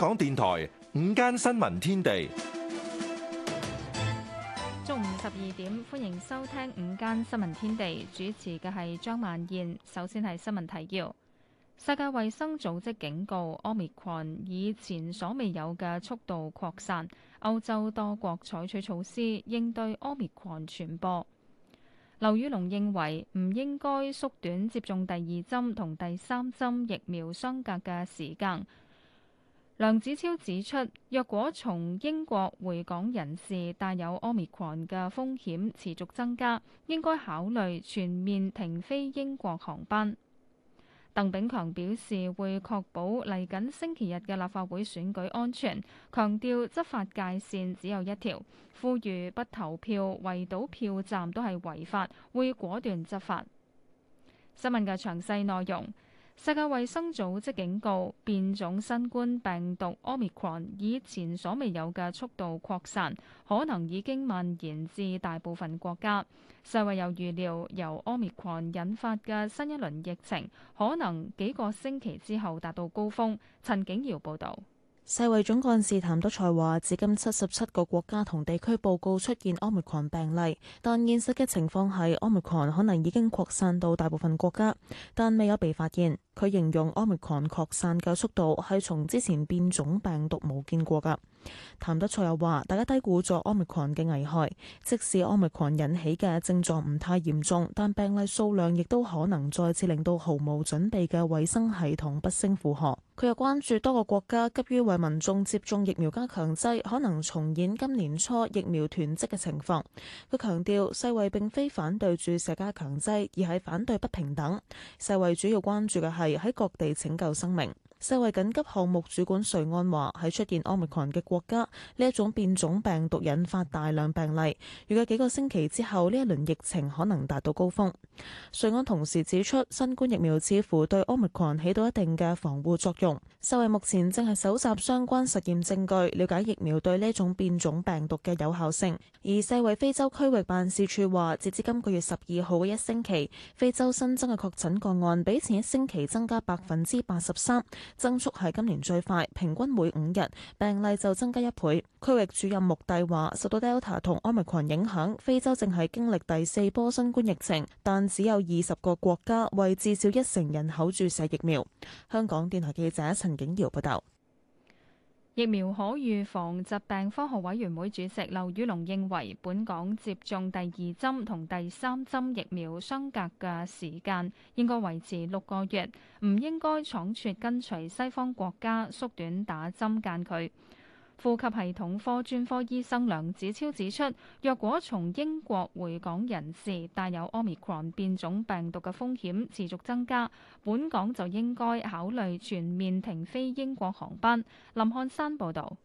港電台午間新聞天地，中午十二點，歡迎收聽午間新聞天地。主持嘅係張曼燕。首先係新聞提要：世界衛生組織警告，Omicron 以前所未有嘅速度擴散。歐洲多國採取措施應對 Omicron 傳播。劉宇龍認為唔應該縮短接種第二針同第三針疫苗相隔嘅時間。梁子超指出，若果從英國回港人士帶有 Omicron 嘅風險持續增加，應該考慮全面停飛英國航班。鄧炳強表示，會確保嚟緊星期日嘅立法會選舉安全，強調執法界線只有一條，呼籲不投票、圍堵票站都係違法，會果斷執法。新聞嘅詳細內容。世界衛生組織警告，變種新冠病毒 Omicron 以前所未有嘅速度擴散，可能已經蔓延至大部分國家。世衛又預料，由 Omicron 引發嘅新一輪疫情，可能幾個星期之後達到高峰。陳景瑤報導。世衛總幹事譚德塞話：至今七十七個國家同地區報告出現 Omicron 病例，但現實嘅情況係 Omicron 可能已經擴散到大部分國家，但未有被發現。佢形容奧密克戎擴散嘅速度係從之前變種病毒冇見過㗎。譚德塞又話大家低估咗奧密克戎嘅危害，即使奧密克戎引起嘅症狀唔太嚴重，但病例數量亦都可能再次令到毫無準備嘅衛生系統不勝負荷。佢又關注多個國家急於為民眾接種疫苗加強劑，可能重演今年初疫苗囤積嘅情況，佢強調世衛並非反對注射加強劑，而係反對不平等。世衛主要關注嘅係喺各地拯救生命。世衛緊急項目主管瑞安話：喺出現奧密克戎嘅國家，呢一種變種病毒引發大量病例，預計幾個星期之後呢一輪疫情可能達到高峰。瑞安同時指出，新冠疫苗似乎對奧密克戎起到一定嘅防護作用。世衛目前正係蒐集相關實驗證據，了解疫苗對呢種變種病毒嘅有效性。而世衛非洲區域辦事處話，截至今個月十二號嘅一星期，非洲新增嘅確診個案比前一星期增加百分之八十三。增速係今年最快，平均每五日病例就增加一倍。區域主任穆蒂話：受到 Delta 同奧密克戎影響，非洲正係經歷第四波新冠疫情，但只有二十個國家為至少一成人口注射疫苗。香港電台記者陳景堯報道。疫苗可預防疾病科學委員會主席劉宇龍認為，本港接種第二針同第三針疫苗相隔嘅時間應該維持六個月，唔應該倉促跟隨西方國家縮短打針間距。呼吸系統科專科醫生梁子超指出，若果從英國回港人士帶有 Omicron 變種病毒嘅風險持續增加，本港就應該考慮全面停飛英國航班。林漢山報導。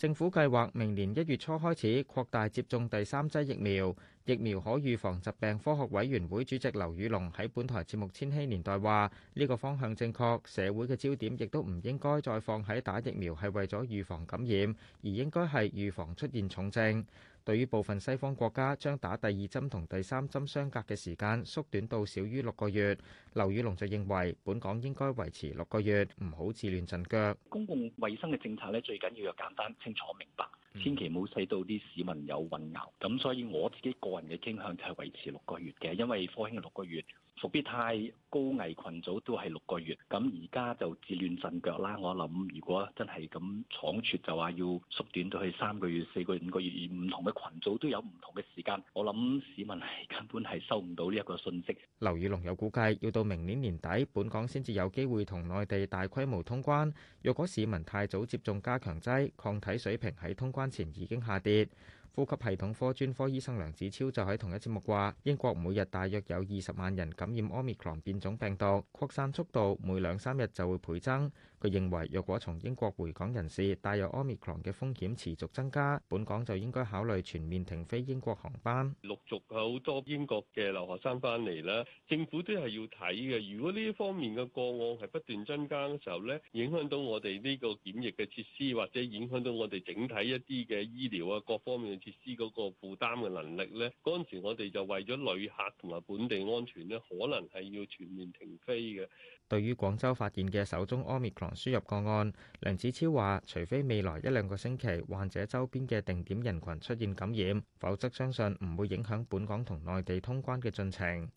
政府計劃明年一月初開始擴大接種第三劑疫苗，疫苗可預防疾病科學委員會主席劉宇龍喺本台節目《千禧年代》話：呢個方向正確，社會嘅焦點亦都唔應該再放喺打疫苗係為咗預防感染，而應該係預防出現重症。對於部分西方國家將打第二針同第三針相隔嘅時間縮短到少於六個月，劉宇龍就認為本港應該維持六個月，唔好自亂陣腳。公共衞生嘅政策咧，最緊要又簡單、清楚、明白。Mm hmm. 千祈唔好使到啲市民有混淆，咁所以我自己個人嘅傾向就係維持六個月嘅，因為科興六個月，復必泰高危群組都係六個月，咁而家就自亂陣腳啦。我諗如果真係咁倉促就話要縮短到去三個月、四個月五個月，而唔同嘅群組都有唔同嘅時間，我諗市民係根本係收唔到呢一個信息。劉宇隆有估計要到明年年底，本港先至有機會同內地大規模通關，若果市民太早接種加強劑抗體水平喺通關關前已經下跌。呼吸系統科專科醫生梁子超就喺同一節目話：英國每日大約有二十萬人感染 Omicron 變種病毒，擴散速度每兩三日就會倍增。佢認為，若果從英國回港人士帶有 omicron 嘅風險持續增加，本港就應該考慮全面停飛英國航班。陸續有好多英國嘅留學生翻嚟啦，政府都係要睇嘅。如果呢一方面嘅個案係不斷增加嘅時候咧，影響到我哋呢個檢疫嘅設施，或者影響到我哋整體一啲嘅醫療啊各方面嘅設施嗰個負擔嘅能力咧，嗰陣時我哋就為咗旅客同埋本地安全咧，可能係要全面停飛嘅。對於廣州發現嘅首宗 omicron。輸入個案，梁子超話：除非未來一兩個星期患者周邊嘅定點人群出現感染，否則相信唔會影響本港同內地通關嘅進程。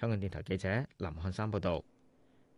香港電台記者林漢山報導。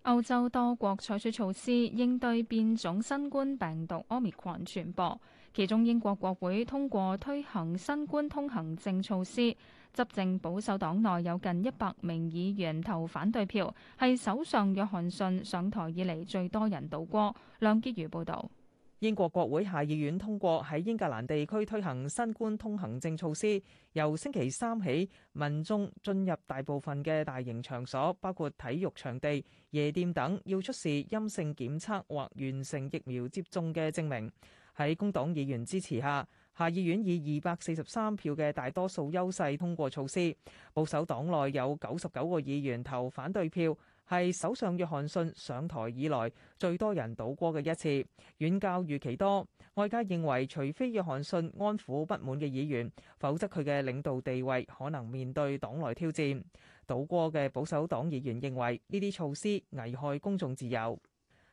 歐洲多國採取措施應對變種新冠病毒 Omicron 傳播，其中英國國會通過推行新冠通行證措施。執政保守黨內有近一百名議員投反對票，係首相約翰遜上台以嚟最多人倒戈。梁潔如報導，英國國會下議院通過喺英格蘭地區推行新冠通行證措施，由星期三起，民眾進入大部分嘅大型場所，包括體育場地、夜店等，要出示陰性檢測或完成疫苗接種嘅證明。喺工黨議員支持下，下議院以二百四十三票嘅大多數優勢通過措施。保守黨內有九十九個議員投反對票，係首相約翰遜上台以來最多人倒過嘅一次，遠較預期多，外界認為除非約翰遜安撫不滿嘅議員，否則，佢嘅領導地位可能面對黨內挑戰。倒過嘅保守黨議員認為呢啲措施危害公眾自由。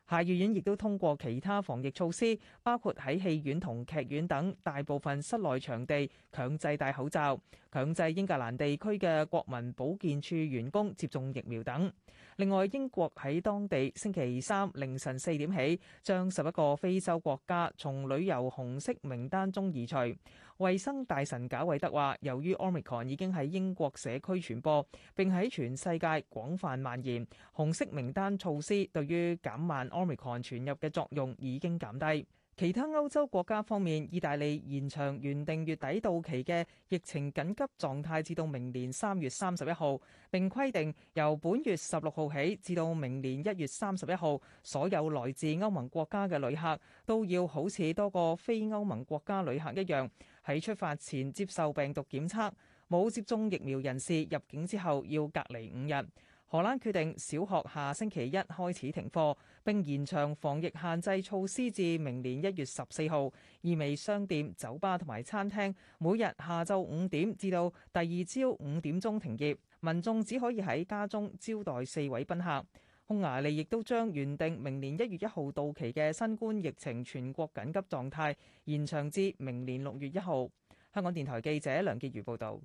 下議院亦都通過其他防疫措施，包括喺戲院同劇院等大部分室內場地強制戴口罩、強制英格蘭地區嘅國民保健處員工接種疫苗等。另外，英國喺當地星期三凌晨四點起，將十一個非洲國家從旅遊紅色名單中移除。衛生大臣賈偉德話，由於奧密克戎已經喺英國社區傳播，並喺全世界廣泛蔓延，紅色名單措施對於減慢奧密克戎傳入嘅作用已經減低。其他歐洲國家方面，意大利延長原定月底到期嘅疫情緊急狀態，至到明年三月三十一號，並規定由本月十六號起至到明年一月三十一號，所有來自歐盟國家嘅旅客都要好似多個非歐盟國家旅客一樣，喺出發前接受病毒檢測，冇接種疫苗人士入境之後要隔離五日。荷蘭決定小學下星期一開始停課，並延長防疫限制措施至明年一月十四號，意味商店、酒吧同埋餐廳每日下晝五點至到第二朝五點鐘停業，民眾只可以喺家中招待四位賓客。匈牙利亦都將原定明年一月一號到期嘅新冠疫情全國緊急狀態延長至明年六月一號。香港電台記者梁潔如報導。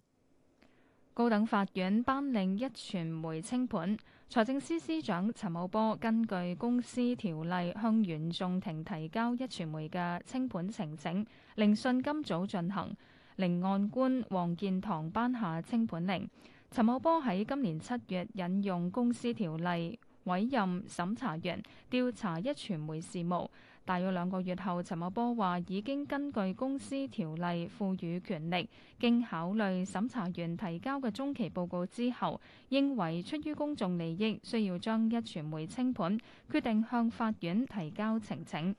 高等法院頒令壹傳媒清盤，財政司司長陳茂波根據公司條例向原訟庭提交壹傳媒嘅清盤呈請，聆訊今早進行。聆案官黃建堂頒下清盤令。陳茂波喺今年七月引用公司條例委任審查員調查壹傳媒事務。大約兩個月後，陳茂波話已經根據公司條例賦予權力，經考慮審查員提交嘅中期報告之後，認為出於公眾利益需要將壹傳媒清盤，決定向法院提交呈請。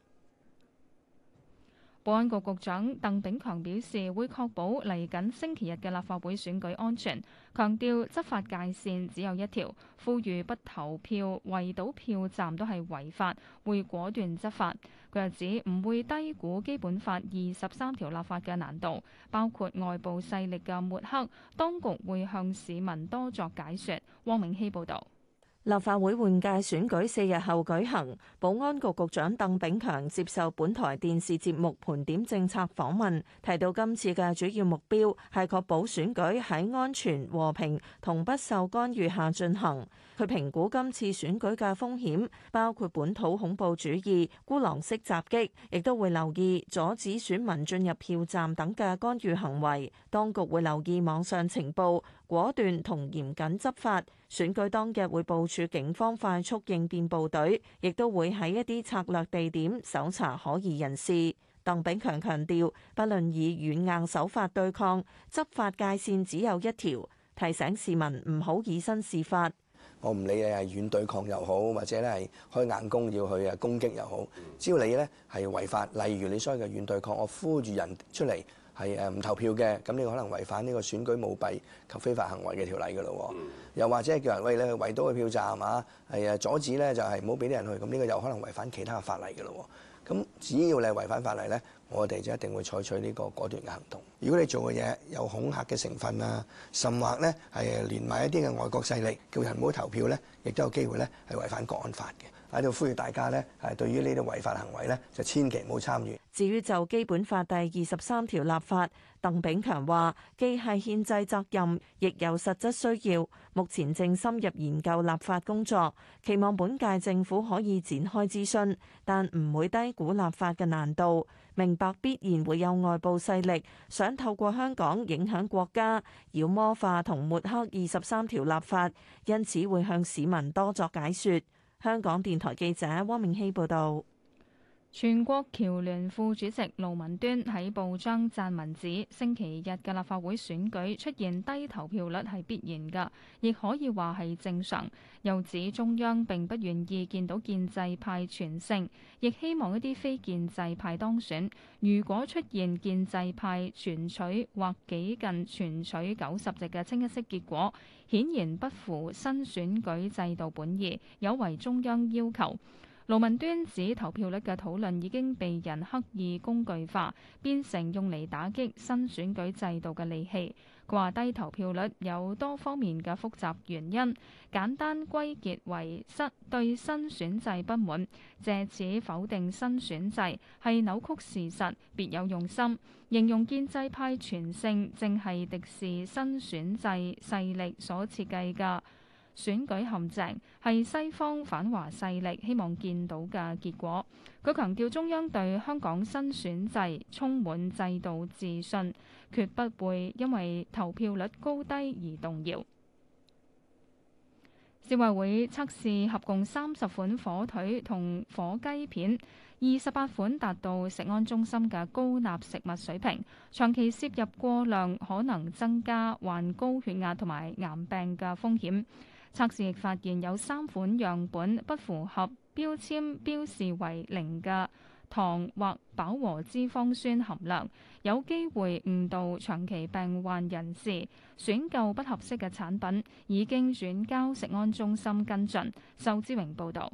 保安局局長鄧炳強表示，會確保嚟緊星期日嘅立法會選舉安全，強調執法界線只有一條，呼籲不投票、圍堵票站都係違法，會果斷執法。佢又指唔會低估基本法二十三條立法嘅難度，包括外部勢力嘅抹黑，當局會向市民多作解說。汪永熙報道。立法會換屆選舉四日後舉行，保安局局長鄧炳強接受本台電視節目盤點政策訪問，提到今次嘅主要目標係確保選舉喺安全、和平同不受干預下進行。佢評估今次選舉嘅風險，包括本土恐怖主義、孤狼式襲擊，亦都會留意阻止選民進入票站等嘅干預行為。當局會留意網上情報。果斷同嚴謹執法，選舉當日會部署警方快速應變部隊，亦都會喺一啲策略地點搜查可疑人士。鄧炳強強調，不論以軟硬手法對抗，執法界線只有一條，提醒市民唔好以身試法。我唔理你係軟對抗又好，或者咧係開硬攻要去攻擊又好，只要你呢係違法，例如你所謂嘅軟對抗，我呼籲人出嚟。係誒唔投票嘅，咁你可能違反呢個選舉舞弊及非法行為嘅條例噶咯。又或者係叫人喂你去圍堵個票站啊，係啊，阻止咧就係唔好俾啲人去，咁呢個有可能違反其他法例噶咯。咁只要你係違反法例咧，我哋就一定會採取呢個果斷嘅行動。如果你做嘅嘢有恐嚇嘅成分啊，甚或咧係連埋一啲嘅外國勢力叫人唔好投票咧，亦都有機會咧係違反國安法嘅。喺度呼籲大家咧，係對於呢啲違法行為咧，就千祈唔好參與。至於就《基本法》第二十三條立法，鄧炳強話既係憲制責任，亦有實質需要。目前正深入研究立法工作，期望本屆政府可以展開諮詢，但唔會低估立法嘅難度。明白必然會有外部勢力想透過香港影響國家，妖魔化同抹黑二十三條立法，因此會向市民多作解説。香港電台記者汪明熙報道。全國僑聯副主席盧文端喺報章撰文指，星期日嘅立法會選舉出現低投票率係必然嘅，亦可以話係正常。又指中央並不願意見到建制派全勝，亦希望一啲非建制派當選。如果出現建制派全取或幾近全取九十席嘅清一色結果，顯然不符新選舉制度本意，有違中央要求。盧文端指投票率嘅討論已經被人刻意工具化，變成用嚟打擊新選舉制度嘅利器。佢話低投票率有多方面嘅複雜原因，簡單歸結為失對新選制不滿，借此否定新選制係扭曲事實，別有用心。形容建制派全勝，正係敵視新選制勢力所設計嘅。選舉陷阱係西方反華勢力希望見到嘅結果。佢強調，中央對香港新選制充滿制度自信，決不會因為投票率高低而動搖。消委會測試合共三十款火腿同火雞片，二十八款達到食安中心嘅高鈉食物水平。長期攝入過量可能增加患高血壓同埋癌病嘅風險。測試亦發現有三款樣本不符合標籤標示為零嘅糖或飽和脂肪酸含量，有機會誤導長期病患人士選購不合適嘅產品，已經轉交食安中心跟進。仇之榮報導。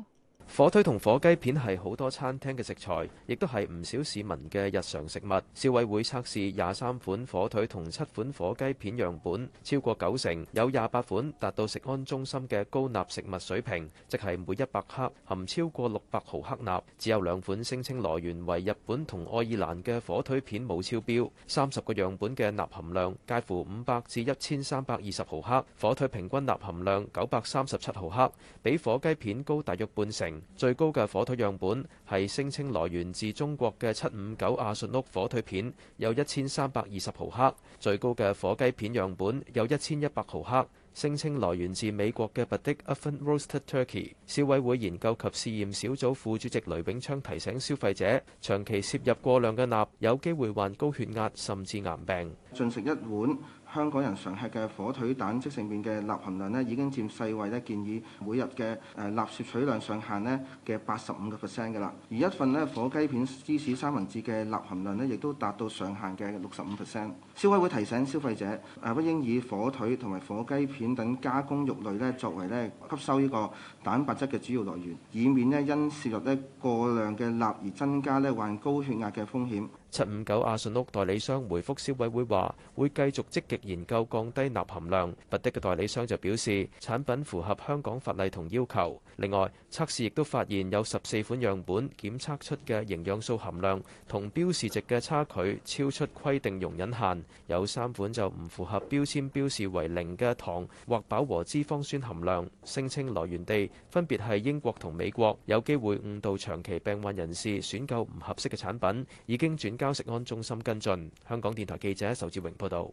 火腿同火雞片係好多餐廳嘅食材，亦都係唔少市民嘅日常食物。消委會測試廿三款火腿同七款火雞片樣本，超過九成，有廿八款達到食安中心嘅高鈉食物水平，即係每一百克含超過六百毫克鈉。只有兩款聲稱來源為日本同愛爾蘭嘅火腿片冇超標。三十個樣本嘅鈉含量介乎五百至一千三百二十毫克，火腿平均鈉含量九百三十七毫克，比火雞片高大約半成。最高嘅火腿樣本係聲稱來源自中國嘅七五九阿信屋火腿片，有一千三百二十毫克；最高嘅火雞片樣本有一千一百毫克，聲稱來源自美國嘅 Butter Oven Roasted Turkey。消委會研究及試驗小組副主席雷永昌提醒消費者，長期攝入過量嘅鈉，有機會患高血壓甚至癌病。進食一碗香港人常吃嘅火腿蛋即食麵嘅鈉含量咧，已經佔世衞建議每日嘅誒鈉攝取量上限呢，嘅八十五個 percent 㗎喇。而一份咧火雞片芝士三文治嘅鈉含量咧，亦都達到上限嘅六十五 percent。消委會提醒消費者誒，不應以火腿同埋火雞片等加工肉類咧作為咧吸收呢個蛋白質嘅主要來源，以免呢因攝入呢過量嘅鈉而增加咧患高血壓嘅風險。七五九阿信屋代理商回覆消委會話，會繼續積極研究降低鈉含量。拔的嘅代理商就表示，產品符合香港法例同要求。另外，測試亦都發現有十四款樣本檢測出嘅營養素含量同標示值嘅差距超出規定容忍限，有三款就唔符合標籤標示為零嘅糖或飽和脂肪酸含量，聲稱來源地分別係英國同美國，有機會誤導長期病患人士選購唔合適嘅產品，已經轉交食安中心跟進。香港電台記者仇志榮報道，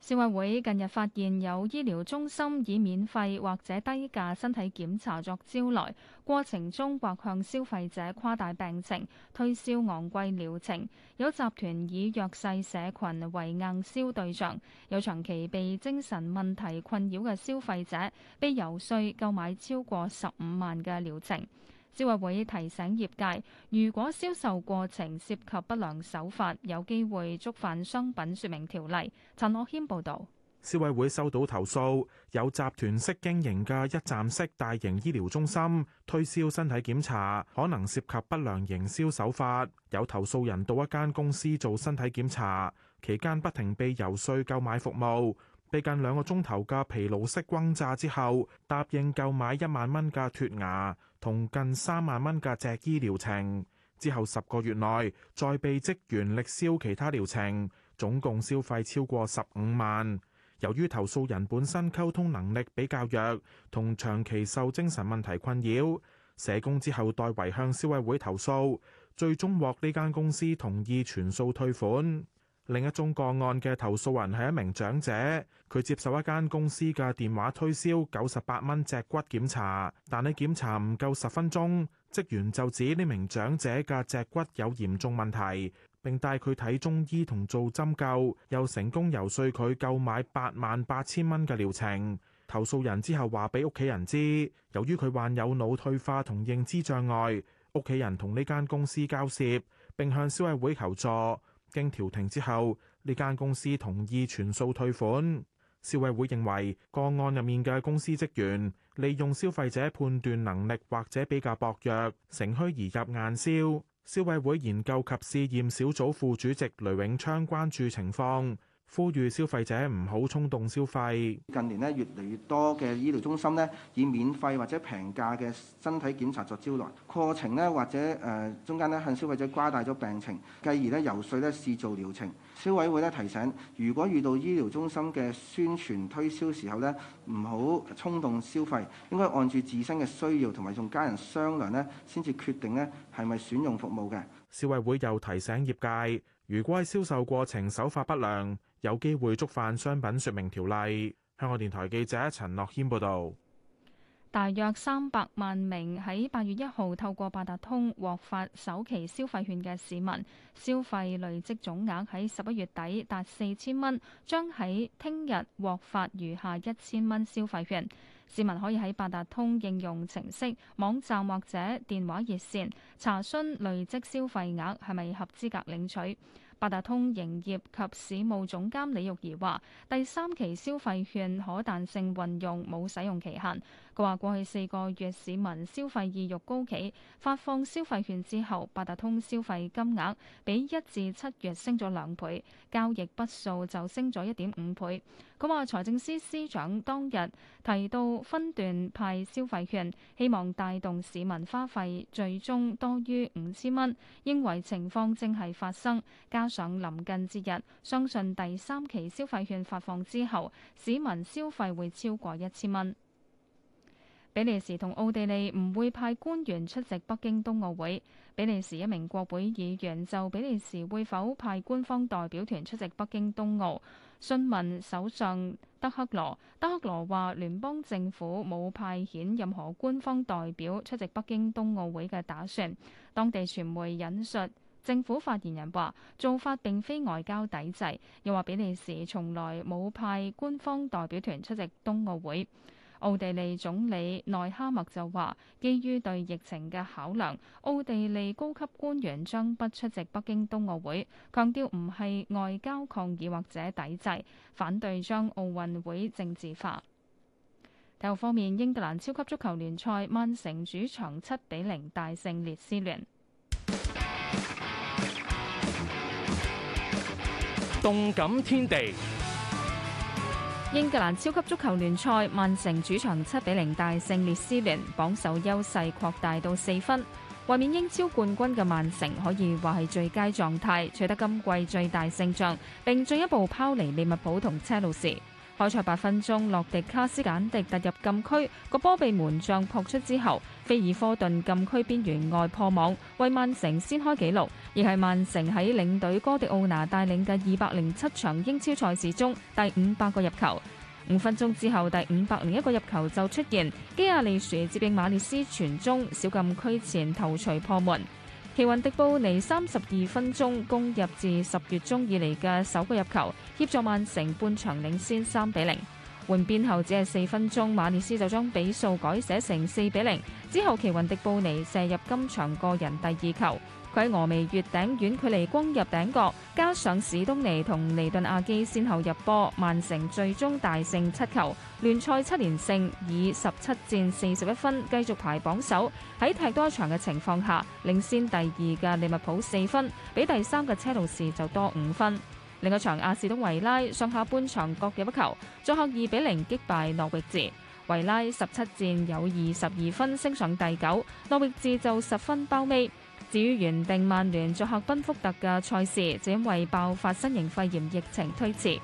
消委會近日發現有醫療中心以免費或者低價身體檢查作招來，過程中或向消費者誇大病情，推銷昂貴療程。有集團以弱勢社群為硬銷對象，有長期被精神問題困擾嘅消費者，被遊說購買超過十五萬嘅療程。消委會提醒業界，如果銷售過程涉及不良手法，有機會觸犯商品說明條例。陳樂謙報道。消委會收到投訴，有集團式經營嘅一站式大型醫療中心推銷身體檢查，可能涉及不良營銷手法。有投訴人到一間公司做身體檢查期間不停被游說購買服務，被近兩個鐘頭嘅疲勞式轟炸之後答應購買一萬蚊嘅脫牙。同近三萬蚊嘅只醫療程，之後十個月內再被職員力銷其他療程，總共消費超過十五萬。由於投訴人本身溝通能力比較弱，同長期受精神問題困擾，社工之後代為向消委會投訴，最終獲呢間公司同意全數退款。另一宗個案嘅投訴人係一名長者，佢接受一間公司嘅電話推銷九十八蚊脊骨檢查，但係檢查唔夠十分鐘，職員就指呢名長者嘅脊骨有嚴重問題，並帶佢睇中醫同做針灸，又成功游說佢購買八萬八千蚊嘅療程。投訴人之後話俾屋企人知，由於佢患有腦退化同認知障礙，屋企人同呢間公司交涉並向消委會求助。經調停之後，呢間公司同意全數退款。消委會認為個案入面嘅公司職員利用消費者判斷能力或者比較薄弱，乘虛而入硬銷。消委會研究及試驗小組副主席雷永昌關注情況。呼籲消費者唔好衝動消費。近年咧，越嚟越多嘅醫療中心咧，以免費或者平價嘅身體檢查作招徠，過程咧或者誒中間咧向消費者誇大咗病情，繼而咧游說咧試做療程。消委會咧提醒，如果遇到醫療中心嘅宣傳推銷時候咧，唔好衝動消費，應該按住自身嘅需要同埋同家人商量咧，先至決定咧係咪選用服務嘅。消委會又提醒業界，如果喺銷售過程手法不良，有機會觸犯商品説明條例。香港電台記者陳樂軒報導，大約三百萬名喺八月一號透過八達通獲發首期消費券嘅市民，消費累積總額喺十一月底達四千蚊，將喺聽日獲發餘下一千蚊消費券。市民可以喺八達通應用程式、網站或者電話熱線查詢累積消費額係咪合資格領取。八達通營業及市務總監李玉儀話：第三期消費券可彈性運用，冇使用期限。佢話過去四個月，市民消費意欲高企，發放消費券之後八達通消費金額比一至七月升咗兩倍，交易筆數就升咗一點五倍。佢話財政司司長當日提到分段派消費券，希望帶動市民花費最終多於五千蚊。認為情況正係發生，加上臨近節日，相信第三期消費券發放之後市民消費會超過一千蚊。比利時同奧地利唔會派官員出席北京冬奧會。比利時一名國會議員就比利時會否派官方代表團出席北京冬奧，詢問首相德克羅。德克羅話：聯邦政府冇派遣任何官方代表出席北京冬奧會嘅打算。當地傳媒引述政府發言人話：做法並非外交抵制，又話比利時從來冇派官方代表團出席冬奧會。奧地利總理內哈默就話，基於對疫情嘅考量，奧地利高級官員將不出席北京冬奧會，強調唔係外交抗議或者抵制，反對將奧運會政治化。體育方面，英格蘭超級足球聯賽曼城主場七比零大勝列斯聯。動感天地。英格蘭超級足球聯賽，曼城主場七比零大勝列斯聯，榜首優勢擴大到四分。衛冕英超冠軍嘅曼城可以話係最佳狀態，取得今季最大勝仗，並進一步拋離利物浦同車路士。開賽八分鐘，洛迪卡斯簡迪突入禁區，個波被門將撲出之後，菲爾科頓禁區邊緣外破網，為曼城先開紀錄，亦係曼城喺領隊哥迪奧拿帶領嘅二百零七場英超賽事中第五百個入球。五分鐘之後，第五百零一個入球就出現，基亞利殊接應馬列斯傳中，小禁區前頭槌破門。奇雲迪布尼三十二分鐘攻入自十月中以嚟嘅首個入球，協助曼城半場領先三比零。換邊後只係四分鐘，馬列斯就將比數改寫成四比零。之後奇雲迪布尼射入今場個人第二球。喺俄眉月頂遠距離攻入頂角，加上史東尼同尼頓亞基先後入波，曼城最終大勝七球，聯賽七連勝，以十七戰四十一分繼續排榜首。喺踢多場嘅情況下，領先第二嘅利物浦四分，比第三嘅車路士就多五分。另一場亞士東維拉上下半場各入一球，作客二比零擊敗諾域治。維拉十七戰有二十二分，升上第九；諾域治就十分包尾。至於原定曼聯作客賓福特嘅賽事，就因為爆發新型肺炎疫情推遲。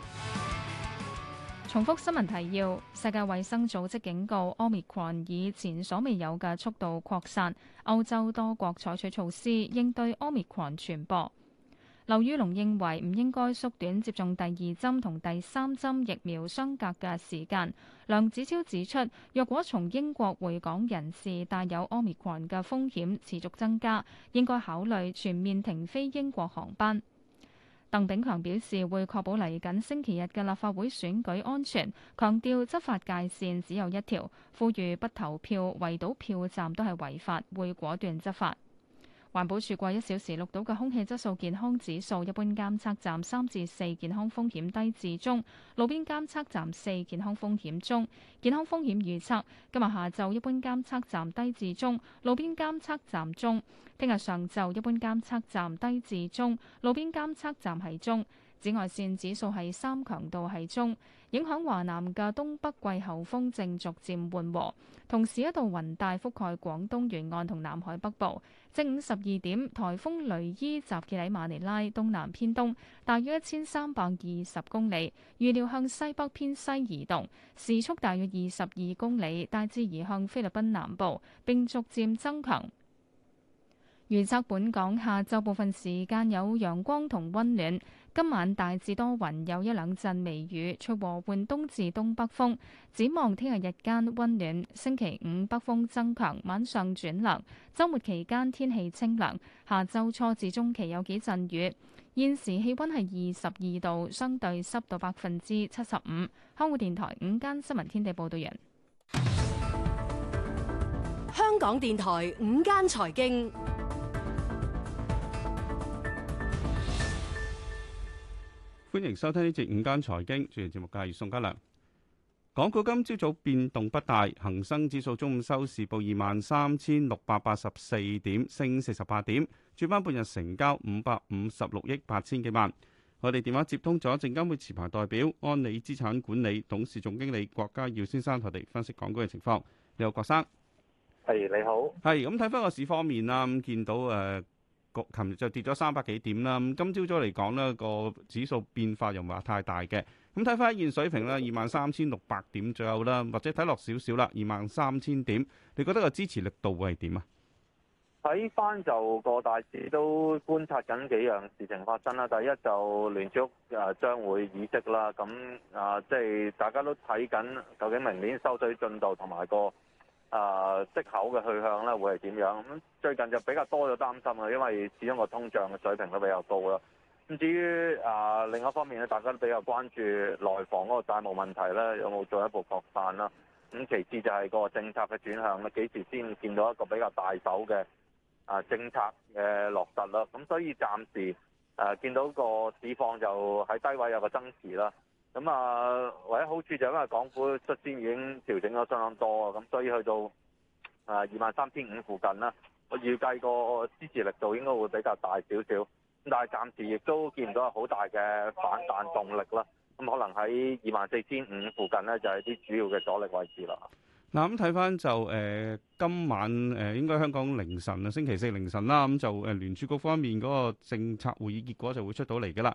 重複新聞提要：世界衛生組織警告，Omicron 以前所未有嘅速度擴散。歐洲多國採取措施應對 Omicron 傳播。劉宇龍認為唔應該縮短接種第二針同第三針疫苗相隔嘅時間。梁子超指出，若果從英國回港人士帶有 Omicron 嘅風險持續增加，應該考慮全面停飛英國航班。鄧炳強表示會確保嚟緊星期日嘅立法會選舉安全，強調執法界線只有一條，呼籲不投票圍堵票站都係違法，會果斷執法。環保署過一小時錄到嘅空氣質素健康指數，一般監測站三至四，健康風險低至中；路邊監測站四，健康風險中。健康風險預測：今日下晝一般監測站低至中，路邊監測站中；聽日上晝一般監測站低至中，路邊監測站係中。紫外線指數係三，強度係中。影響華南嘅東北季候風正逐漸緩和，同時一道雲帶覆蓋廣東沿岸同南海北部。正午十二點，颱風雷伊集結喺馬尼拉東南偏東，大約一千三百二十公里，預料向西北偏西移動，時速大約二十二公里，大致移向菲律賓南部並逐漸增強。預測本港下晝部分時間有陽光同溫暖，今晚大致多雲，有一兩陣微雨，吹和緩東至東北風。展望聽日日間溫暖，星期五北風增強，晚上轉冷。周末期間天氣清涼，下周初至中期有幾陣雨。現時氣溫係二十二度，相對濕度百分之七十五。香港電台午間新聞天地報道員，香港電台午間財經。歡迎收聽呢節午間財經，主持節目嘅係宋家良。港股今朝早，早變動不大，恒生指數中午收市報二萬三千六百八十四點，升四十八點，主板半日成交五百五十六億八千幾萬。我哋電話接通咗，證監會持牌代表安理資產管理董事總經理郭家耀先生同我哋分析港股嘅情況。你好，郭生。係你好。係咁睇返個市方面啦，咁見到誒。呃個琴日就跌咗三百幾點啦，咁今朝早嚟講呢個指數變化又唔係太大嘅，咁睇翻現水平咧，二萬三千六百點左右啦，或者睇落少少啦，二萬三千點，你覺得個支持力度會係點啊？睇翻就個大市都觀察緊幾樣事情發生啦，第一就聯儲局將會議息啦，咁啊即係大家都睇緊究竟明年收水進度同埋個。誒、啊、息口嘅去向咧，會係點樣？咁最近就比較多咗擔心啦，因為始終個通脹嘅水平都比較高啦。咁至於誒、啊、另一方面咧，大家都比較關注內房嗰個債務問題咧，有冇進一步擴散啦？咁、嗯、其次就係個政策嘅轉向咧，幾時先見到一個比較大手嘅誒、啊、政策嘅落實啦？咁、啊、所以暫時誒、啊、見到個市況就喺低位有個增持啦。咁啊、嗯，唯一好處就因為港股率先已經調整咗相當多啊，咁所以去到啊二萬三千五附近啦，我預計個支持力度應該會比較大少少，咁但係暫時亦都見唔到好大嘅反彈動力啦，咁可能喺二萬四千五附近呢，就係、是、啲主要嘅阻力位置啦。嗱、嗯，咁睇翻就誒、呃、今晚誒、呃、應該香港凌晨啊，星期四凌晨啦，咁、嗯、就誒、呃、聯儲局方面嗰個政策會議結果就會出到嚟嘅啦。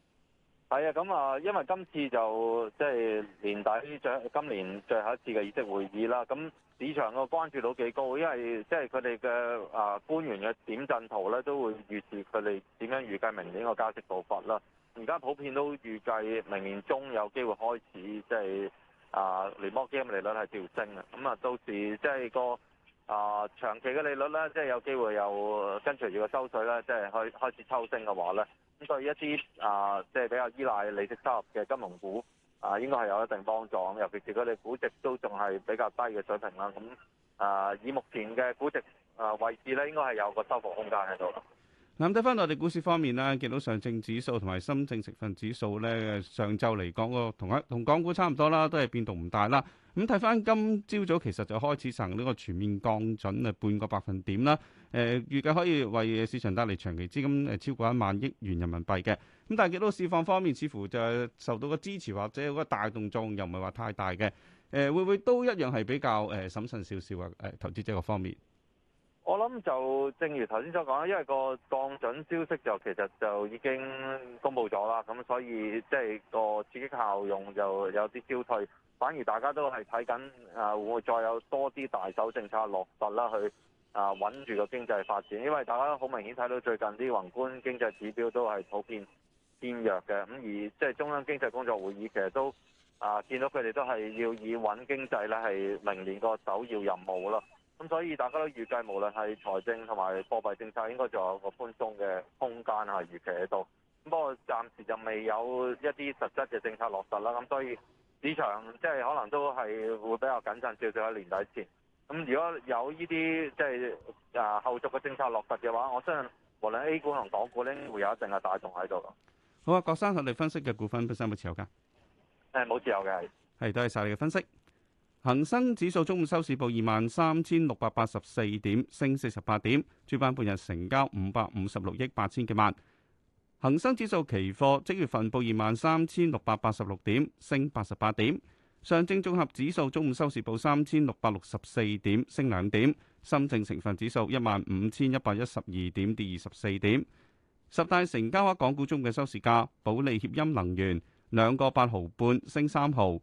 係啊，咁啊，因為今次就即係年底最今年最後一次嘅議息會議啦。咁市場個關注度幾高，因為即係佢哋嘅啊官員嘅點陣圖咧，都會預示佢哋點樣預計明年個加息步伐啦。而家普遍都預計明年中有機會開始即係啊連摩基金利率係調升啊。咁啊，到時即係個啊長期嘅利率咧，即、就、係、是、有機會有跟隨住個收稅咧，即係開開始抽升嘅話咧。對一啲啊、呃，即係比較依賴利息收入嘅金融股啊、呃，應該係有一定幫助，尤其是佢哋估值都仲係比較低嘅水平啦。咁啊、呃，以目前嘅估值啊位置咧，應該係有個收復空間喺度。諗睇翻內地股市方面咧，見到上證指數同埋深證成分指數咧，上晝嚟講個同一同港股差唔多啦，都係變動唔大啦。咁睇翻今朝早其實就開始行呢個全面降準啊，半個百分點啦。誒、呃，預計可以為市場帶嚟長期資金誒超過一萬億元人民幣嘅。咁但係幾多市況方面，似乎就受到個支持或者個大動作又唔係話太大嘅。誒、呃，會唔會都一樣係比較誒審慎少少啊？誒、呃，投資者個方面。我諗就正如頭先所講啦，因為個降準消息就其實就已經公布咗啦，咁所以即係、就是、個刺激效用就有啲消退，反而大家都係睇緊啊會唔會再有多啲大手政策落實啦，去啊穩住個經濟發展，因為大家好明顯睇到最近啲宏觀經濟指標都係普遍偏弱嘅，咁而即係中央經濟工作會議其實都啊見到佢哋都係要以穩經濟咧係明年個首要任務咯。咁所以大家都預計，無論係財政同埋貨幣政策，應該仲有個寬鬆嘅空間係預期喺度。不過暫時就未有一啲實質嘅政策落實啦。咁所以市場即係可能都係會比較謹慎少少喺年底前。咁如果有呢啲即係啊後續嘅政策落實嘅話，我相信無論 A 股同港股咧，會有一陣係大動喺度。好啊，郭生，我哋分析嘅股份有冇持有嘅？誒、欸，冇持有嘅。係，多謝晒你嘅分析。恒生指數中午收市報二萬三千六百八十四點，升四十八點。主板半日成交五百五十六億八千幾萬。恒生指數期貨即月份報二萬三千六百八十六點，升八十八點。上證綜合指數中午收市報三千六百六十四點，升兩點。深證成分指數一萬五千一百一十二點，跌二十四點。十大成交額港股中嘅收市價，保利協鑫能源兩個八毫半，升三毫。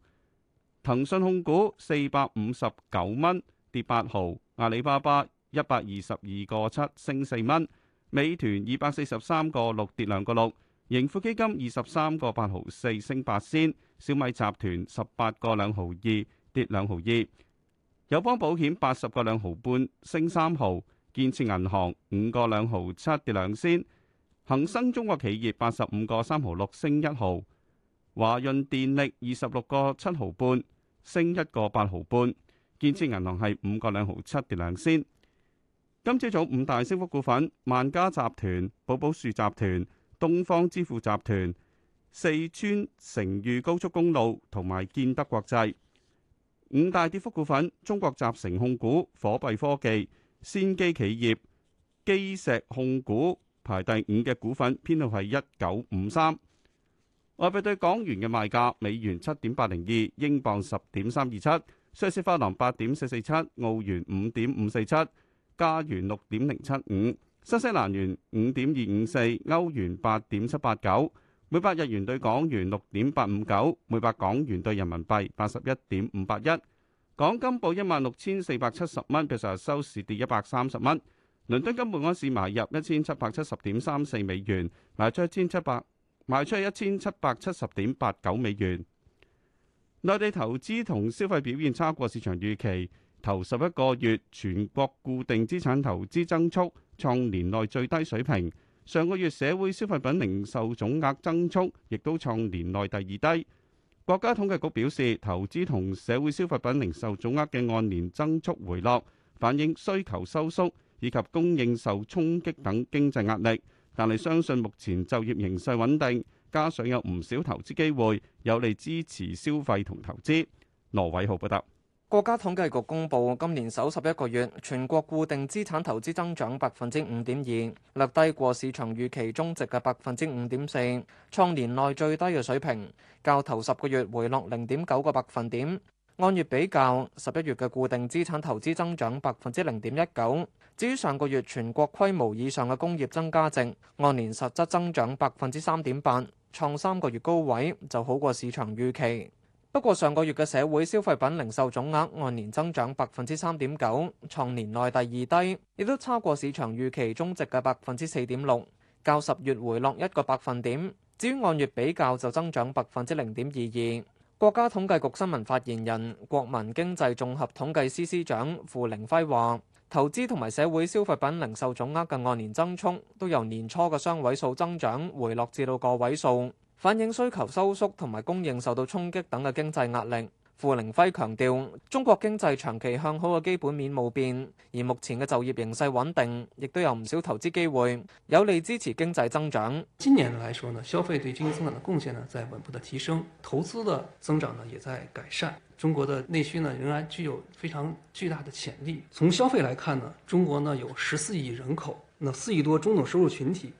騰訊控股四百五十九蚊，跌八毫；阿里巴巴一百二十二個七，升四蚊；美團二百四十三個六，跌兩個六；盈富基金二十三個八毫四，升八仙；小米集團十八個兩毫二，跌兩毫二；友邦保險八十個兩毫半，升三毫；建設銀行五個兩毫七，跌兩仙；恒生中國企業八十五個三毫六，升一毫。華潤電力二十六個七毫半，升一個八毫半。建設銀行係五個兩毫七，跌兩仙。今朝早五大升幅股份：萬家集團、寶寶樹集團、東方支付集團、四川成渝高速公路同埋建德國際。五大跌幅股份：中國集成控股、火幣科技、先機企業、基石控股。排第五嘅股份編號係一九五三。外幣對港元嘅賣價：美元七點八零二，英鎊十點三二七，瑞士法郎八點四四七，澳元五點五四七，加元六點零七五，新西蘭元五點二五四，歐元八點七八九。每百日元對港元六點八五九，每百港元對人民幣八十一點五八一。港金報一萬六千四百七十蚊，比上日收市跌一百三十蚊。倫敦金本安市買入一千七百七十點三四美元，賣出一千七百。賣出一千七百七十點八九美元。內地投資同消費表現差過市場預期。頭十一個月，全國固定資產投資增速創年內最低水平。上個月社會消費品零售總額增速亦都創年內第二低。國家統計局表示，投資同社會消費品零售總額嘅按年增速回落，反映需求收縮以及供應受衝擊等經濟壓力。但係相信目前就業形勢穩定，加上有唔少投資機會，有利支持消費同投資。羅偉浩報道，國家統計局公佈今年首十一個月全國固定資產投資增長百分之五點二，略低過市場預期中值嘅百分之五點四，創年內最低嘅水平，較頭十個月回落零點九個百分點。按月比較，十一月嘅固定資產投資增長百分之零點一九。至於上個月全國規模以上嘅工業增加值，按年實質增長百分之三點八，創三個月高位，就好過市場預期。不過上個月嘅社會消費品零售總額按年增長百分之三點九，創年內第二低，亦都差過市場預期中值嘅百分之四點六，較十月回落一個百分點。至於按月比較，就增長百分之零點二二。國家統計局新聞發言人、國民經濟綜合統計司司長付凌暉話：投資同埋社會消費品零售總額嘅按年增速都由年初嘅雙位數增長回落至到個位數，反映需求收縮同埋供應受到衝擊等嘅經濟壓力。傅凌輝強調，中國經濟長期向好嘅基本面冇變，而目前嘅就業形勢穩定，亦都有唔少投資機會，有利支持經濟增長。今年來說呢，消費對經濟增長的貢獻呢，在穩步的提升，投資的增長呢，也在改善。中國的內需呢，仍然具有非常巨大的潛力。從消費來看呢，中國呢有十四億人口，那四億多中等收入群體。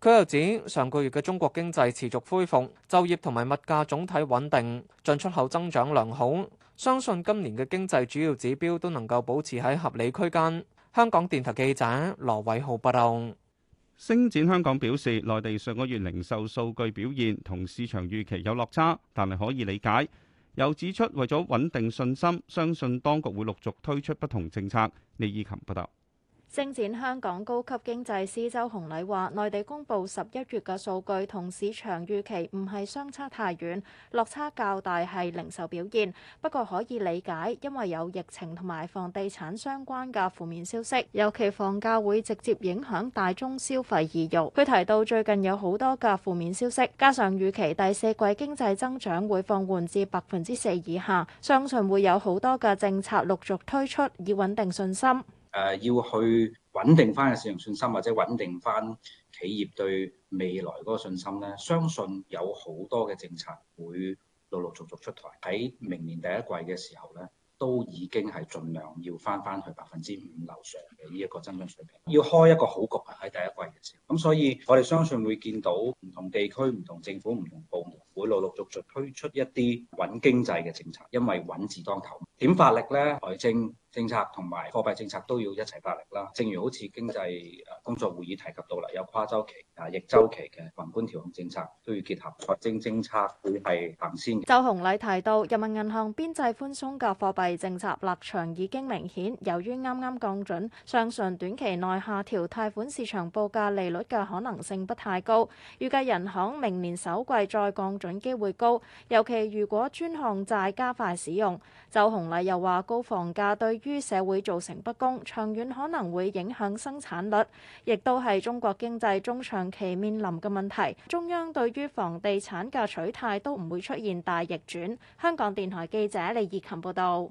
佢又指上個月嘅中國經濟持續恢復，就業同埋物價總體穩定，進出口增長良好，相信今年嘅經濟主要指標都能夠保持喺合理區間。香港電台記者羅偉浩報道。星展香港表示，內地上個月零售數據表現同市場預期有落差，但係可以理解。又指出，為咗穩定信心，相信當局會陸續推出不同政策。李以琴報道。星展香港高級經濟師周洪禮話，內地公布十一月嘅數據同市場預期唔係相差太遠，落差較大係零售表現，不過可以理解，因為有疫情同埋房地產相關嘅負面消息，尤其房價會直接影響大宗消費意欲。佢提到最近有好多嘅負面消息，加上預期第四季經濟增長會放緩至百分之四以下，相信會有好多嘅政策陸續推出，以穩定信心。誒要去穩定翻嘅市場信心，或者穩定翻企業對未來嗰個信心咧，相信有好多嘅政策會陸陸續續出台喺明年第一季嘅時候咧，都已經係盡量要翻翻去百分之五樓上嘅呢一個增長水平，要開一個好局喺第一季嘅時候。咁所以，我哋相信會見到唔同地區、唔同政府、唔同部門會陸陸續續推出一啲穩經濟嘅政策，因為穩字當頭。點發力呢？財政政策同埋貨幣政策都要一齊發力啦。正如好似經濟工作會議提及到啦，有跨周期啊逆周期嘅宏觀調控政策都要結合財政政策，會係行先。周鴻禮提到，人民銀行邊際寬鬆嘅貨幣政策立場已經明顯，由於啱啱降準，相信短期內下調貸款市場報價利率嘅可能性不太高。預計人行明年首季再降準機會高，尤其如果專項債加快使用。周鴻禮又話高房價對於於社會造成不公，長遠可能會影響生產率，亦都係中國經濟中長期面臨嘅問題。中央對於房地產嘅取態都唔會出現大逆轉。香港電台記者李怡琴報道。